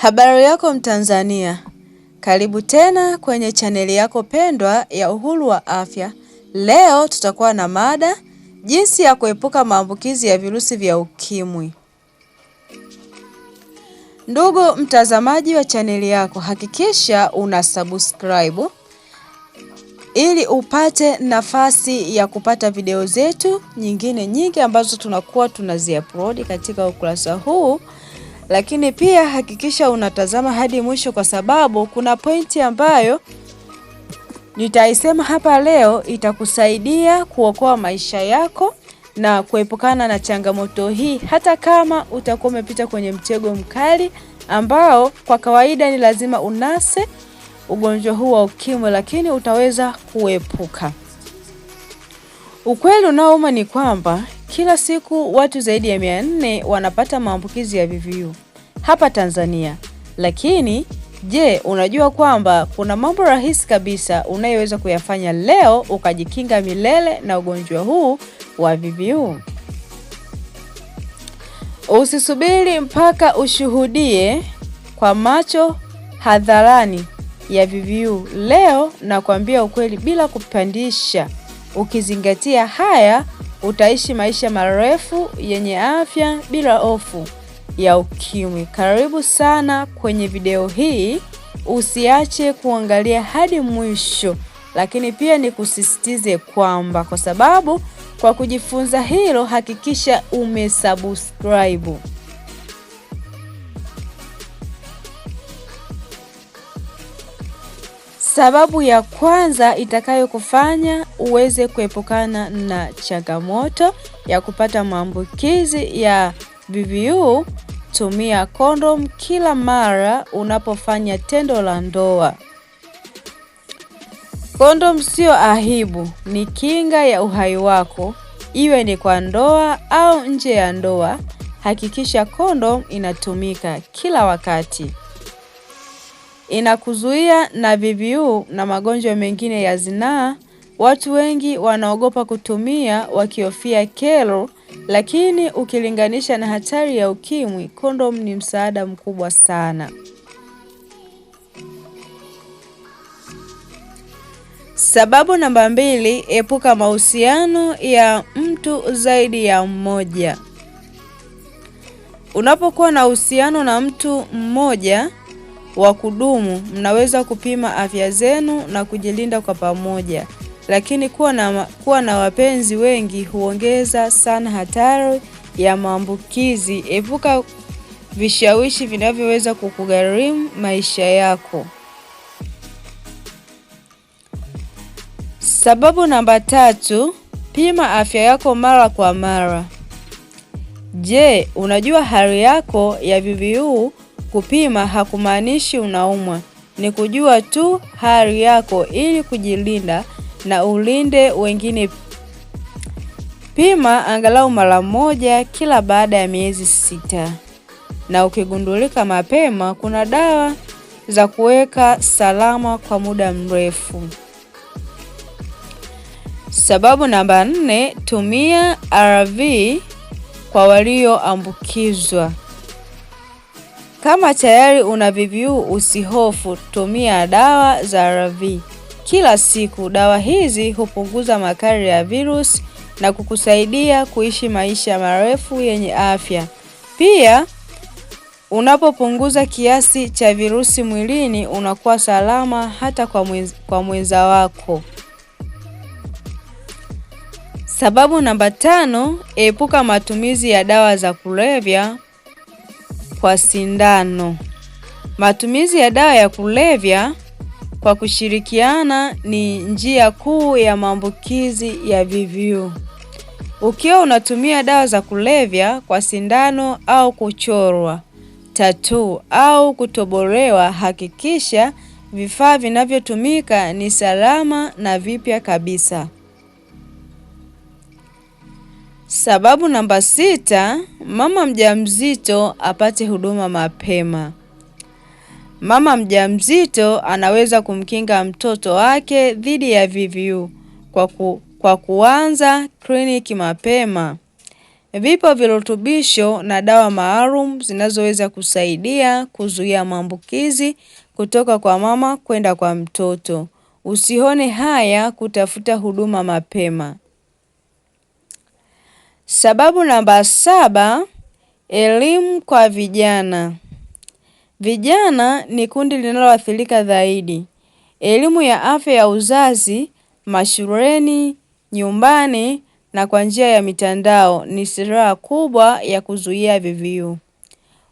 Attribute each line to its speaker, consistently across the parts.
Speaker 1: Habari yako Mtanzania, karibu tena kwenye chaneli yako pendwa ya Uhuru wa Afya. Leo tutakuwa na mada jinsi ya kuepuka maambukizi ya virusi vya UKIMWI. Ndugu mtazamaji wa chaneli yako, hakikisha una subscribe ili upate nafasi ya kupata video zetu nyingine nyingi ambazo tunakuwa upload katika ukurasa huu lakini pia hakikisha unatazama hadi mwisho, kwa sababu kuna pointi ambayo nitaisema hapa leo itakusaidia kuokoa maisha yako na kuepukana na changamoto hii, hata kama utakuwa umepita kwenye mtego mkali ambao kwa kawaida ni lazima unase ugonjwa huu wa UKIMWI, lakini utaweza kuepuka. Ukweli unaouma ni kwamba kila siku watu zaidi ya 400 wanapata maambukizi ya VVU hapa Tanzania. Lakini je, unajua kwamba kuna mambo rahisi kabisa unayoweza kuyafanya leo ukajikinga milele na ugonjwa huu wa VVU? Usisubiri mpaka ushuhudie kwa macho hadharani ya VVU. Leo na kuambia ukweli bila kupandisha, ukizingatia haya Utaishi maisha marefu yenye afya bila hofu ya ukimwi. Karibu sana kwenye video hii, usiache kuangalia hadi mwisho, lakini pia nikusisitize kwamba kwa sababu kwa kujifunza hilo, hakikisha umesubscribe. Sababu ya kwanza itakayokufanya uweze kuepukana na changamoto ya kupata maambukizi ya VVU, tumia kondom kila mara unapofanya tendo la ndoa. Kondom sio aibu, ni kinga ya uhai wako, iwe ni kwa ndoa au nje ya ndoa. Hakikisha kondom inatumika kila wakati inakuzuia na VVU na magonjwa mengine ya zinaa. Watu wengi wanaogopa kutumia wakihofia kero, lakini ukilinganisha na hatari ya ukimwi, kondom ni msaada mkubwa sana. Sababu namba mbili, epuka mahusiano ya mtu zaidi ya mmoja. Unapokuwa na uhusiano na mtu mmoja wa kudumu, mnaweza kupima afya zenu na kujilinda kwa pamoja. Lakini kuwa na, kuwa na wapenzi wengi huongeza sana hatari ya maambukizi. Epuka vishawishi vinavyoweza kukugharimu maisha yako. Sababu namba tatu, pima afya yako mara kwa mara. Je, unajua hali yako ya VVU Kupima hakumaanishi unaumwa, ni kujua tu hali yako ili kujilinda na ulinde wengine. Pima angalau mara moja kila baada ya miezi sita, na ukigundulika mapema, kuna dawa za kuweka salama kwa muda mrefu. Sababu namba nne, tumia ARV kwa walioambukizwa. Kama tayari una VVU usihofu, tumia dawa za RV kila siku. Dawa hizi hupunguza makali ya virusi na kukusaidia kuishi maisha marefu yenye afya. Pia unapopunguza kiasi cha virusi mwilini, unakuwa salama hata kwa mwenza wako. Sababu namba tano, epuka matumizi ya dawa za kulevya kwa sindano. Matumizi ya dawa ya kulevya kwa kushirikiana ni njia kuu ya maambukizi ya VVU. Ukiwa unatumia dawa za kulevya kwa sindano au kuchorwa tatuu au kutobolewa, hakikisha vifaa vinavyotumika ni salama na vipya kabisa. Sababu namba sita, mama mjamzito apate huduma mapema. Mama mjamzito anaweza kumkinga mtoto wake dhidi ya VVU kwa, ku, kwa kuanza kliniki mapema. Vipo virutubisho na dawa maalum zinazoweza kusaidia kuzuia maambukizi kutoka kwa mama kwenda kwa mtoto. Usione haya kutafuta huduma mapema. Sababu namba saba, elimu kwa vijana. Vijana ni kundi linaloathirika zaidi. Elimu ya afya ya uzazi mashuleni, nyumbani na kwa njia ya mitandao ni silaha kubwa ya kuzuia VVU.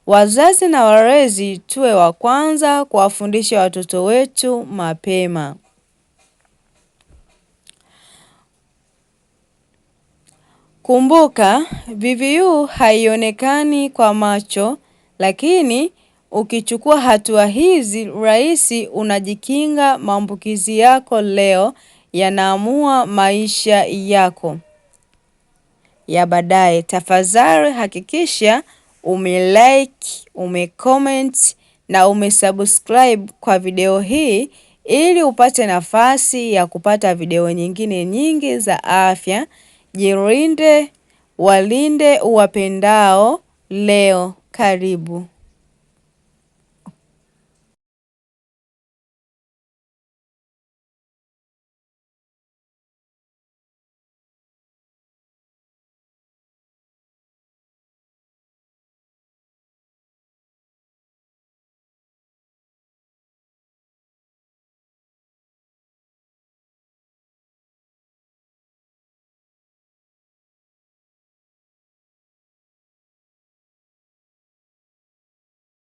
Speaker 1: Wazazi na walezi tuwe wa kwanza kuwafundisha watoto wetu mapema. Kumbuka, VVU haionekani kwa macho, lakini ukichukua hatua hizi rahisi unajikinga maambukizi yako leo yanaamua maisha yako ya baadaye. Tafadhali hakikisha umelike, umecomment na umesubscribe kwa video hii ili upate nafasi ya kupata video nyingine nyingi za afya. Jirinde, walinde uwapendao leo. Karibu.